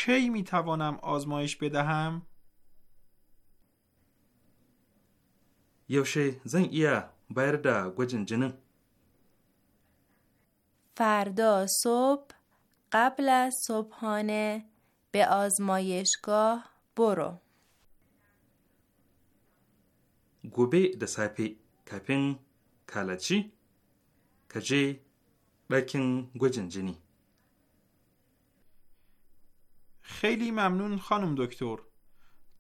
کی می توانم آزمایش بدهم؟ یوشه زن ایا بایر دا فردا صبح قبل از صبحانه به آزمایشگاه برو گوبه دا ساپی کپین کالچی کجی لکن گوجن جنی خیلی ممنون خانم دکتر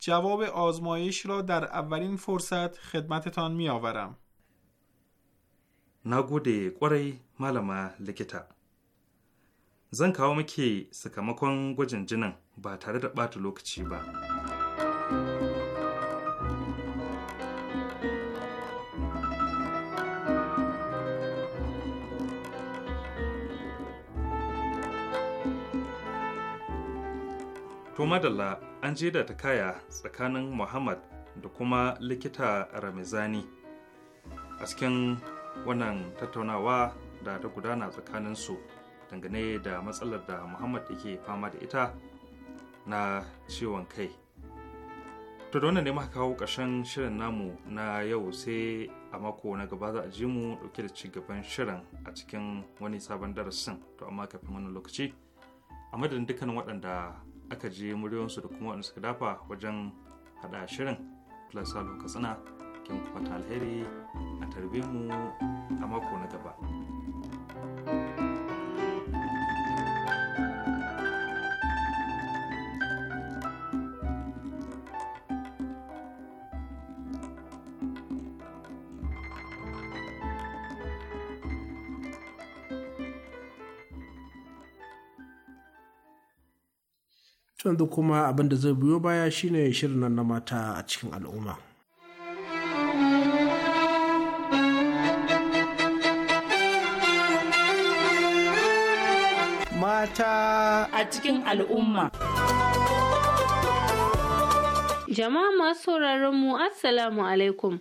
جواب آزمایش را در اولین فرصت خدمتتان می آورم. نگوده قرای مالما لکتا. زن کاومی که سکمکون گوجن جنن با ترد بات کچی با. To an je da ta kaya tsakanin muhammad da kuma likita ramizani a cikin wannan tattaunawa da ta gudana tsakanin su dangane da matsalar da muhammad yake fama da ita na ciwon kai to da wannan ne maka kawo ƙarshen shirin namu na yau sai a mako na gaba za a ji mu dauke da ci gaban shirin a cikin wani sabon darasin to amma kafin wani lokaci a madadin dukkan waɗanda aka je muryoyinsu da kuma wadanda suka dafa wajen haɗa shirin plus salo katsina kin ta alheri a tarbe mu a mako na gaba. thank you yanzu kuma abin da zai biyo baya shine shirin nan na mata a cikin al'umma. Mata a cikin al'umma. Jama'a masu sauraron mu Assalamu alaikum.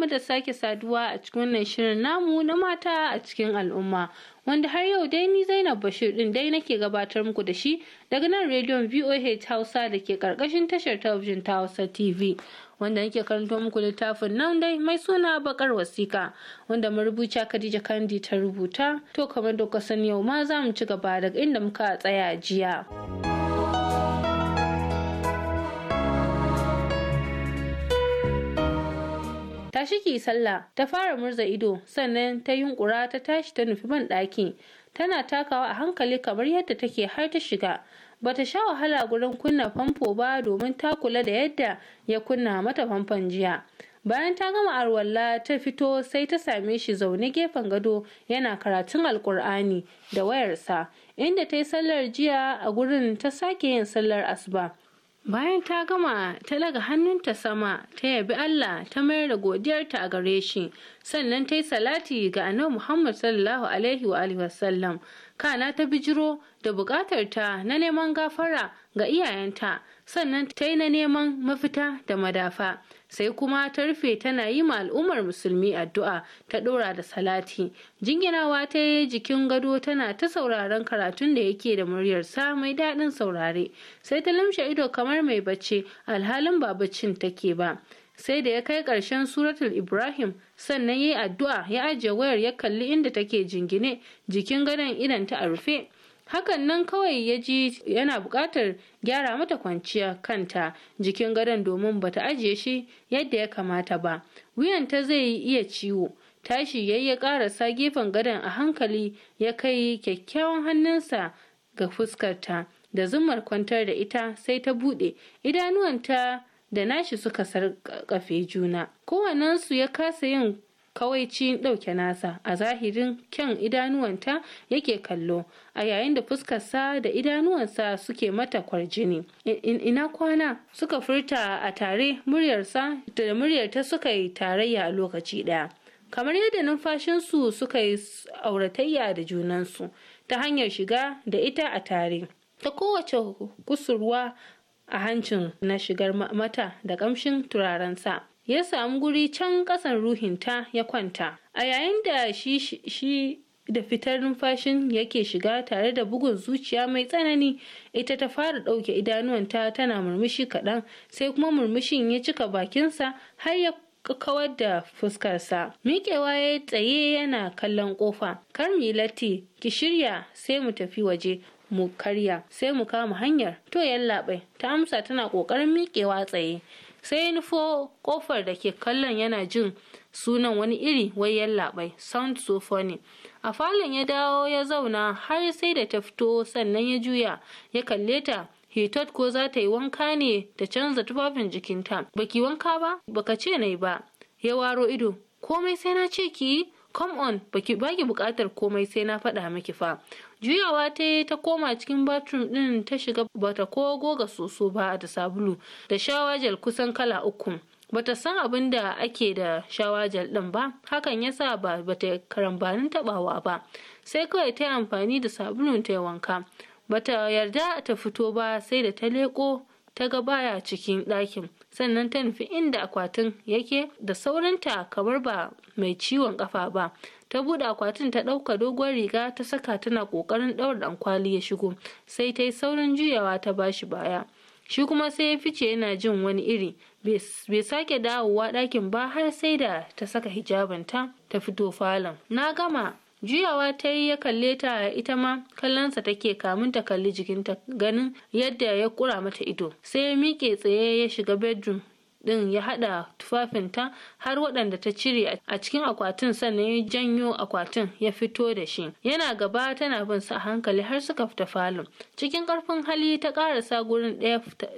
mu da sake saduwa a cikin wannan shirin namu na mata a cikin al'umma. Wanda har yau dai ni Zainab Bashir din dai nake gabatar muku da shi daga nan rediyon VOH Hausa da ke karkashin tashar talabijin ta Hausa TV. Wanda nake karanto muku littafin nan dai mai suna bakar wasika wanda marubuciya Khadija Kandi ta rubuta. To kamar da kuka sani yau ma za mu ci gaba daga inda muka tsaya jiya. tashi ki sallah ta fara murza ido sannan ta yunkura ta tashi ta nufi ban tana takawa a hankali kamar yadda take har ta shiga bata sha wahala gurin kunna famfo ba domin ta kula da yadda ya kunna mata famfon jiya bayan ta gama arwalla ta fito sai ta same shi zaune gefen gado yana karatun alkur'ani da wayarsa inda ta yi sallar jiya a gurin ta sake yin sallar asuba Bayan ta gama ta daga hannunta sama ta yabi Allah ta mayar da godiyarta a gare shi sannan ta yi salati ga annabi Muhammad sallallahu alaihi wa alihi wasallam kana ta bijiro da ta na neman gafara ga iyayenta sannan ta yi na neman mafita da madafa sai kuma ta rufe tana yi ma al'ummar musulmi addu'a ta ɗora da salati jinginawa ta yi jikin gado tana ta sauraron karatun da yake da muryarsa mai daɗin saurare sai ta lamshe ido kamar mai bacci alhalin ba baccin take ba sai da ya kai ƙarshen suratul ibrahim sannan ya yi addu'a ya ajiye wayar ya kalli inda take jingine jikin gadon ta a rufe hakan nan kawai ya ji yana buƙatar gyara mata kwanciya kanta jikin gadon domin bata ajiye shi yadda ya kamata ba wuyanta zai iya ciwo tashi yayi ya sa gefen gadon a hankali ya kai kyakkyawan hannunsa ga fuskarta da zumar kwantar da ita sai ta buɗe idanuwanta da nashi suka sarƙafe juna kowannensu ya kasa yin kawai ci ɗauke nasa a zahirin kyan idanuwanta yake kallo a yayin da fuskarsa da idanuwansa suke mata kwarjini ina kwana suka furta a tare muryarsa da muryarta suka yi tarayya a lokaci ɗaya kamar yadda numfashinsu suka yi auratayya da junansu ta hanyar shiga da ita a tare ta kowace kusurwa a hancin na shigar mata da kamshin turarensa ya samu guri can ƙasan ruhinta ya kwanta a yayin da shi, shi da fitar numfashin yake shiga tare da bugun zuciya mai tsanani ita ta fara ɗauke idanuwanta tana murmushi kaɗan sai kuma murmushin ya cika bakinsa har ya kawar da fuskarsa miƙewa ya tsaye yana kallon ƙofa kar mu yi latti ki shirya sai mu tafi waje mu karya sai mu kama hanyar to yallaɓai ta amsa tana ƙoƙarin miƙewa tsaye sai ya nufo kofar da ke kallon yana jin sunan wani iri wai yallaɓai sound so funny a falon ya dawo ya zauna har sai da ta fito sannan ya juya ya kalle ta hitot ko za ta yi wanka ne ta canza tufafin jikinta baki wanka ba baka ce nai ba ya waro ido komai sai na ce ki come on baki baki bukatar komai sai na faɗa miki fa juyawa ta yi ta koma cikin bathroom din ta shiga bata ko goga soso ba da sabulu da shawajal kusan kala uku bata san abin da ake da shawajal din ba hakan ya sa ba bata karambanin tabawa ba sai kawai ta yi amfani da sabulun ta yi wanka bata yarda ta fito ba sai da ta leko ta ga baya cikin ɗakin sannan ta nufi inda akwatin yake da saurinta kamar ba mai ciwon kafa ba ta buɗe akwatin ta ɗauka doguwar riga ta saka tana kokarin ɗawar dankwali ya shigo sai ta yi saurin juyawa ta bashi baya shi kuma sai ya fice yana jin wani iri bai sake dawowa dakin ba har sai da ta saka hijabinta ta fito falon na gama juyawa ta yi ya kalle ta ita ma kallonsa take kamun ta kalli jikin ta ganin yadda ya kura mata ido sai ya miƙe tsaye ya shiga bedroom ɗin ya haɗa tufafinta har waɗanda ta cire a cikin akwatin sannan ya janyo akwatin ya fito da shi yana gaba tana bin sa hankali har suka fita falon cikin ƙarfin hali ta ƙarasa gurin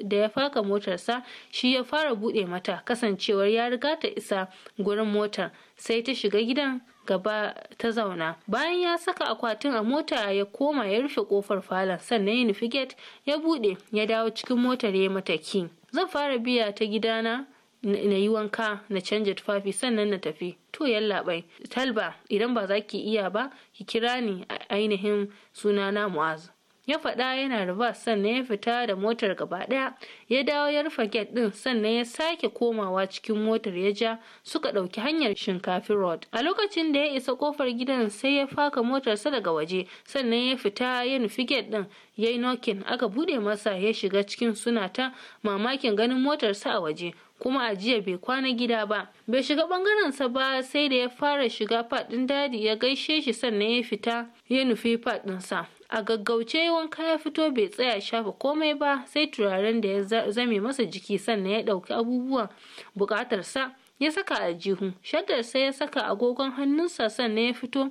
da ya faka motarsa shi ya fara buɗe mata kasancewar ya riga ta isa gurin motar sai ta shiga gidan gaba ta zauna bayan ya saka akwatin a mota ya koma ya rufe kofar falon sannan ya nufi get ya buɗe ya dawo cikin motar ya mata ki zan fara biya ta gidana na yi wanka na canja tufafi sannan na tafi to yallaɓai talba idan ba za ki iya ba ki kira ni a ainihin sunana mu'azu. ya faɗa yana riba sannan ya fita da motar gaba ɗaya ya dawo ya rufe gate ɗin sannan ya sake komawa cikin motar ya ja suka ɗauki hanyar shinkafi road a lokacin da ya isa kofar gidan sai ya faka motarsa daga waje sannan ya fita ya nufi gate ɗin ya yi nokin aka buɗe masa ya shiga cikin suna ta mamakin ganin motarsa a waje kuma a jiya bai kwana gida ba bai shiga bangarensa ba sai da ya fara shiga fadin dadi ya gaishe shi sannan ya fita ya nufi sa. a gaggauce wanka ya fito bai tsaya shafa komai ba sai turaren da ya zame masa jiki sannan ya ɗauki abubuwan buƙatarsa ya saka a jihu shaddar sai ya saka agogon hannunsa sannan ya fito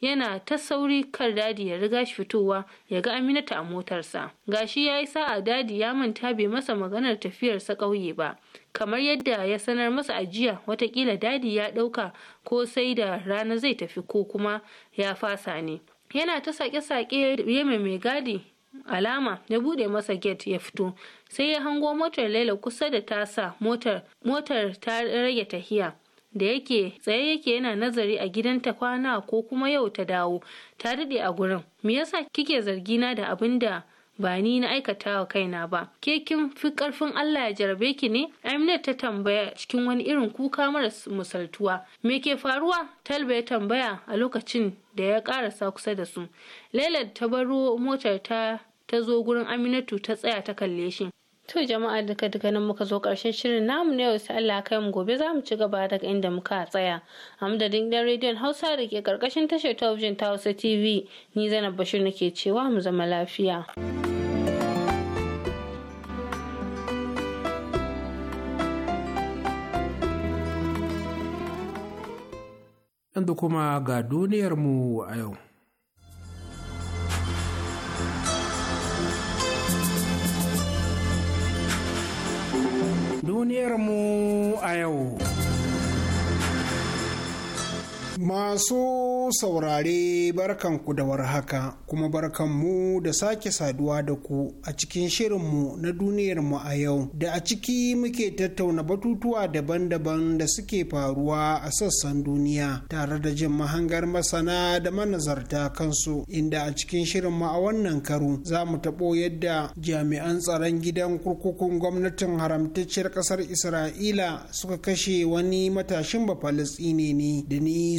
yana ta sauri kar dadi ya riga shi fitowa ya ga aminata a motarsa gashi ya yi sa'a dadi ya manta bai masa maganar tafiyarsa ƙauye ba kamar yadda ya sanar masa ajiya watakila dadi ya ɗauka ko sai da rana zai tafi ko kuma ya fasa ne yana ta sake-sake yeme mai gadi alama ya bude masa get ya fito sai ya hango motar laila kusa da tasa motar motar ta rage tahiya da yake tsaye yake yana nazari a gidanta kwana ko kuma yau ta dawo ta daɗe a gurin me yasa kike zargina da abin da ba ni na aikata wa kaina ba ke kin fi karfin Allah ya jarabe ki ne Aminat ta tambaya cikin wani irin kuka mara misaltuwa me ke faruwa Talba ya tambaya a lokacin da ya karasa kusa da su Laila ta baro motar ta ta zo gurin Aminatu ta tsaya ta kalle shi To jama'a duka duka nan muka zo karshen shirin namu na yau sai Allah kai mu gobe za mu ci gaba daga inda muka tsaya. Amdadin gidan rediyon Hausa da ke karkashin tashar talabijin ta Hausa TV ni Zainab Bashir nake cewa mu zama lafiya. Yanzu kuma ga duniyarmu a yau. duniyarmu a yau. Masu saurare barkanku da warhaka kuma barkanmu da sake saduwa da ku a cikin shirinmu na duniyarmu a yau da a ciki muke tattauna batutuwa daban-daban da suke faruwa a sassan duniya tare da jin mahangar masana da manazarta kansu inda a cikin shirin mu a wannan karo za mu taɓo yadda jami'an tsaron gidan kurkukun gwamnatin haramtacciyar ƙasar Isra'ila suka kashe wani matashin Bafalistine ne da ni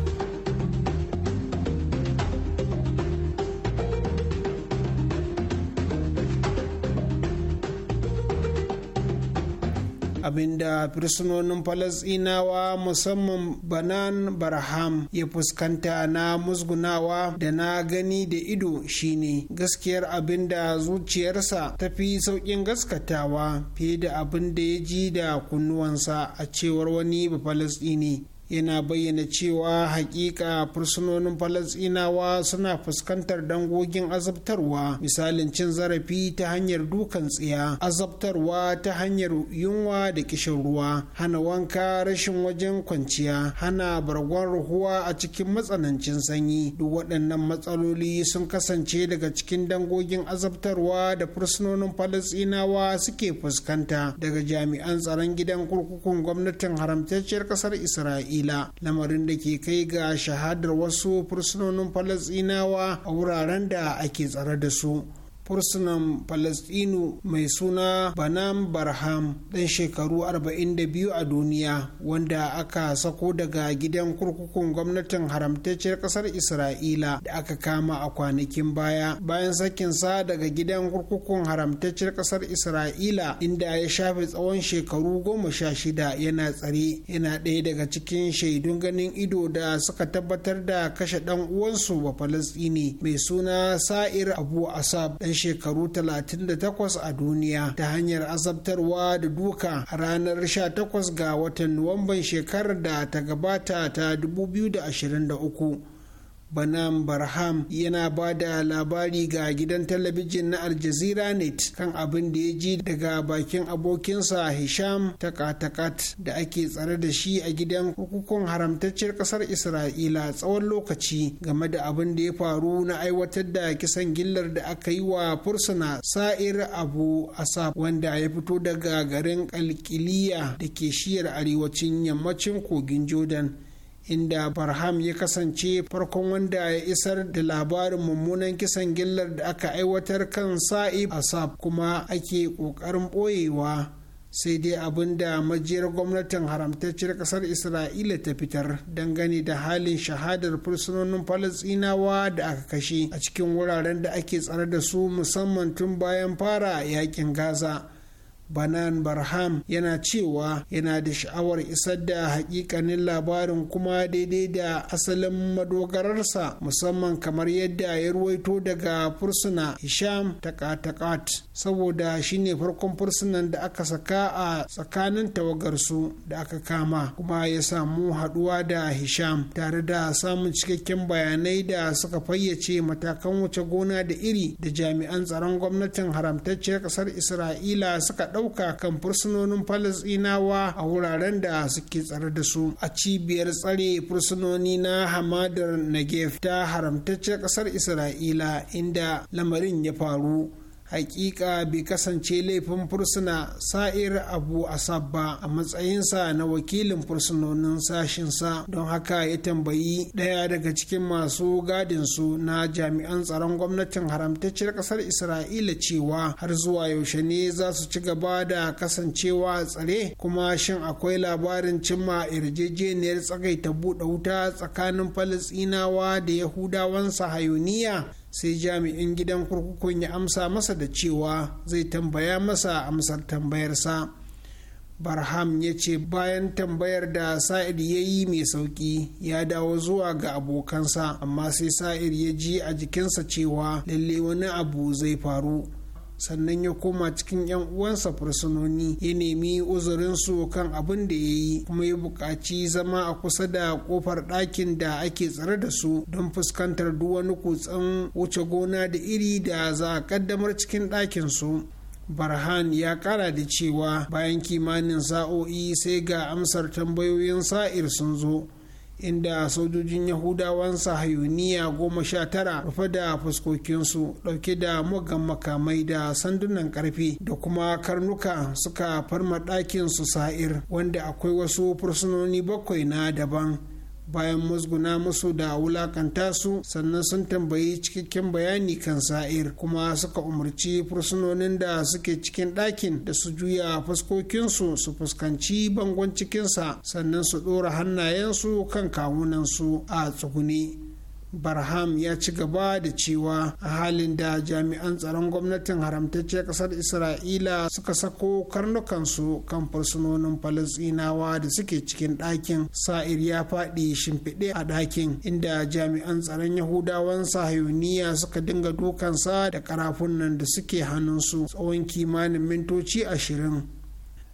abinda fursunonin falasinawa musamman banan barham ya fuskanta na musgunawa da na gani da ido shine gaskiyar abinda zuciyarsa ta fi sauƙin gaskatawa fiye da abinda ya ji da kunnuwansa a cewar wani bafalasɗini yana bayyana cewa hakika fursunonin falasinawa suna fuskantar dangogin azabtarwa misalin cin zarafi ta hanyar dukan tsiya azabtarwa ta hanyar yunwa da kishin ruwa hana wanka rashin wajen kwanciya hana bargon ruhuwa a cikin matsanancin sanyi duk waɗannan matsaloli sun kasance daga cikin dangogin azabtarwa da fursunonin falasinawa suke fuskanta daga jami'an tsaron gidan kurkukun gwamnatin haramtacciyar ƙasar isra'ila isra'ila lamarin da ke kai ga shahadar wasu fursunonin falasinawa a wuraren da ake tsare da su fursunan palestinu mai suna banam barham ɗan shekaru 42 a duniya wanda aka sako daga gidan kurkukun gwamnatin haramtacciyar ƙasar isra'ila da aka kama a kwanakin baya bayan sakinsa daga gidan kurkukun haramtacciyar ƙasar isra'ila inda ya shafe tsawon shekaru goma sha shida yana tsare yana ɗaya daga cikin shaidun ganin ido da suka tabbatar da kashe ɗan uwansu ba mai suna sa'ir abu asab bayan shekaru 38 a duniya ta hanyar azabtarwa da duka a ranar 18 ga watan Nuwamban shekarar da ta gabata ta 2023. banam barham yana ba da labari ga gidan talabijin na aljazeera net kan abin da ya ji daga bakin abokinsa hisham takatakat da ake tsare da shi a gidan hukukun haramtacciyar ƙasar isra'ila tsawon lokaci game da abin da ya faru na aiwatar da kisan gillar da aka yi wa fursuna sa'ir abu Asab, wanda ya fito daga garin kalkiliya da ke shiyar arewacin yammacin kogin jordan inda Farham ya kasance farkon wanda ya isar da labarin mummunan kisan gillar da aka aiwatar kan sa'ib asab kuma ake ƙoƙarin ɓoyewa sai dai abin da majiyar gwamnatin haramtacciyar ƙasar isra'ila ta fitar dangane da halin shahadar fursunonin falasinawa da aka kashe a cikin wuraren da ake tsare da su musamman tun bayan fara yakin gaza banan barham yana cewa yana da sha'awar isar da hakikanin labarin kuma daidai da asalin madogararsa musamman kamar yadda ya ruwaito daga fursuna hisham takatakat saboda shine farkon fursunan da aka saka a tsakanin tawagarsu da aka kama kuma ya samu haduwa da hisham tare da samun cikakken bayanai da suka fayyace matakan wuce gona da iri da jami'an tsaron gwamnatin haramtacciyar kasar isra'ila suka ɗau Dauka kan fursunonin falasɗinawa a wuraren da suke tsare da su a cibiyar tsare fursunoni na hamadar negev ta haramtaccen ƙasar isra'ila inda lamarin ya faru hakika bai kasance laifin fursuna sa'ir abu asab ba a matsayinsa na wakilin fursunonin sashinsa don haka ya tambayi daya daga cikin masu gadinsu na jami'an tsaron gwamnatin haramtacciyar ƙasar isra'ila cewa har zuwa yaushe ne za su ci gaba da kasancewa tsare kuma shin akwai labarin cimma yarjejeniyar tsagaita buɗe wuta tsakanin falasinawa da yahudawan sahayuniya sai jami'in gidan kurkukun ya amsa masa da cewa zai tambaya masa amsar tambayarsa barham ya ce bayan tambayar da sa'id ya yi mai sauki ya dawo zuwa ga abokansa amma sai sa'id ya ji a jikinsa cewa lalle wani abu zai faru sannan ya koma cikin 'yan uwansa fursunoni ya nemi uzurin su kan abin da ya yi kuma ya buƙaci zama a kusa da kofar ɗakin da ake tsare da su don fuskantar duk wani kutsen wuce gona da iri da za a ƙaddamar cikin ɗakin su Barhan ya kara da cewa bayan kimanin sa'o'i sai ga amsar tambayoyin sa'ir sun zo. inda sojojin yahudawan sahayuniya goma sha tara rufe da fuskokinsu dauke da mugan makamai da sandunan ƙarfi da kuma karnuka suka farma ɗakin su sa'ir wanda akwai wasu fursunoni bakwai na daban bayan musguna musu da wulakanta su sannan sun tambayi cikakken bayani kan sa'ir kuma suka umarci fursunonin da suke cikin ɗakin da su juya fuskokinsu su fuskanci bangon cikinsa sannan su ɗora hannayensu kan kawunansu a tsuguni. barham ya ci gaba da cewa a halin da jami'an tsaron gwamnatin haramtaccen kasar isra'ila suka sako karnukansu kan fursunonin falasinawa da suke cikin ɗakin sa'ir ya faɗi shimfiɗe a ɗakin inda jami'an tsaron yahudawan sahayuniya suka dinga dukansa da karafunan da suke hannunsu tsawon kimanin mintoci ashirin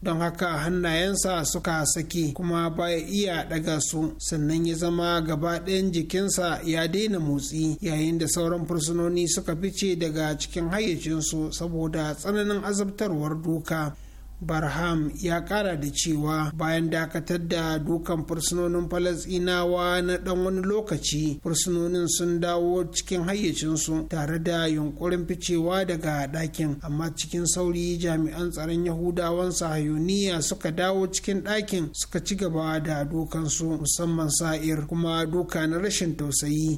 don haka hannayensa suka sake kuma baya iya daga su sannan ya zama gaba ɗayan jikinsa ya daina motsi yayin da sauran fursunoni suka fice daga cikin hayyacinsu saboda tsananin azabtarwar doka. barham ya kara da cewa bayan dakatar da dukan fursunonin falasinawa na dan wani lokaci fursunonin sun dawo cikin hayyacinsu tare da yunkurin ficewa daga ɗakin amma cikin sauri jami'an tsaron yahudawan sahayuniya suka dawo cikin ɗakin suka ci gaba da dukansu musamman sa'ir kuma duka na rashin tausayi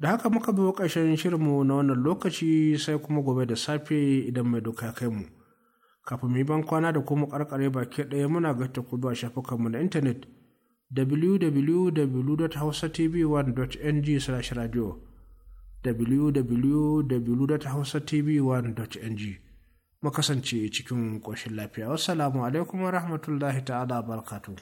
da haka muka bi ƙarshen shirinmu na wannan lokaci sai kuma gobe da safe idan mai doka kai mu kafin mu ban kwana da kuma karkare baki ɗaya muna ga ta kudu a shafukanmu na intanet www.hausatv1.ng/radio www.hausatv1.ng mu kasance cikin ƙoshin lafiya wasu alaikum wa rahmatullahi ta'ala barkatu